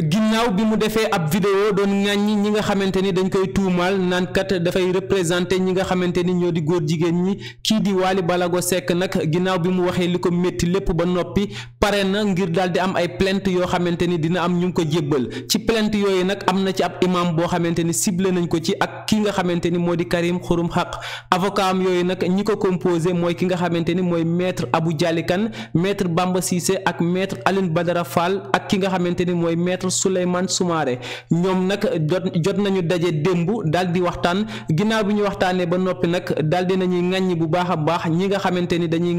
ginnaaw bi mu defee ab vidéo doon ŋàññi ñi nga xamante ni dañ koy tuumaal naan kat dafay représenté ñi nga xamante ni ñoo di góor jigéen ñi kii di Wally Balago Seck nag ginnaaw bi mu waxee li ko métti lépp ba noppi paré na ngir dal di am ay plainte yo xamanteni dina am ñu ko jébal ci plainte yoy nak am ci ab imam bo xamanteni ni ciblé nañ ko ci ak ki nga xamanteni modi di Karim khurum haq avocat am yoy nak ñi ko composé moy ki nga xamanteni moy maître Abou Dialikan maître Bamba Cissé ak maître Aline Badara Fall ak ki nga xamanteni moy maître souleyman Soumaré ñom nak jot nañu dajé dembu dal di waxtaan ginaaw bi ñu waxtaanee ba nopi nak dal di nañuy ngagn bu baaxa baax ñi nga xamanteni dañuy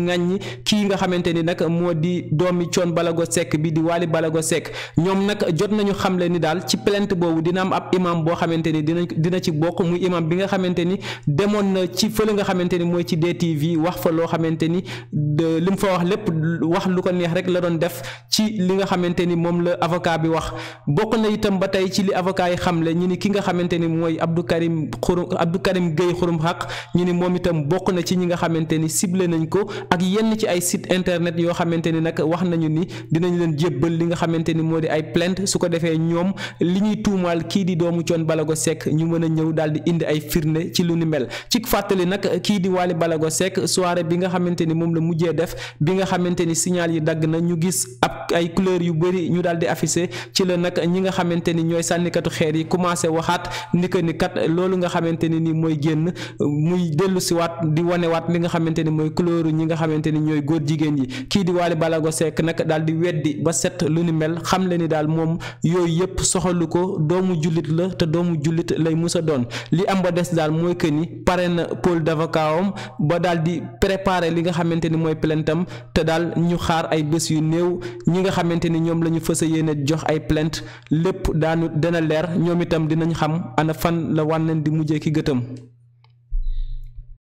nga xamanteni nak modi doom doomi coon balago sekk bi di waali balago sekk ñoom nag jot nañu xamle ni daal ci pelent boobu dina am ab imam boo xamante ni dina dina ci bokk muy imam bi nga xamante ni demoon na ci fële nga xamante ni mooy ci DTV wax fa loo xamante ni li mu fa wax lépp wax lu ko neex rek la doon def ci li nga xamante ni moom la avocat bi wax bokk na itam ba tey ci li avocat yi xamle ñu ni ki nga xamante ni mooy Abdou Karim xurum Abdou Karim Gueye xurum xaq ñu ni moom itam bokk na ci ñi nga xamante ni ciblé nañ ko ak yenn ci ay site internet yoo xamante ni nag wax nañu ni dinañ leen jébbal li nga xamante ni moo di ay plante su ko defee ñoom li ñuy tuumaal kii di doomu Thione Balago Seck ñu mën a ñëw daal di indi ay firnde ci lu ni mel ci fàttali nag kii di Wally Balago Seck soirée bi nga xamante ni moom la mujjee def bi nga xamante ni signal yi dagg na ñu gis ab ak ay couleur yu bëri ñu daal di affiché ci la nag ñi nga xamante ni ñooy sànnikatu xeer yi commencé waxaat ni que ni kat loolu nga xamante ni nii mooy génn muy dellu si waat di wanewaat li nga xamante ni mooy couleur ñi nga xamante ni ñooy góor jigéen yi kii di bala Balago Seck nag daal di weddi ba set lu ni mel xam le ni daal moom yooyu yëpp soxalu ko doomu jullit la te doomu jullit lay musa doon li am ba des daal mooy que ni pare na pôle d'avocat am ba daal di préparer li nga xamante ni mooy plaintam te daal ñu xaar ay bés yu néew ñi nga xamante ni ñoom la ñu fës a yéene jox ay plainte lépp daanu dana leer ñoom itam dinañ xam ana fan la wànneen di mujjee ki gëtam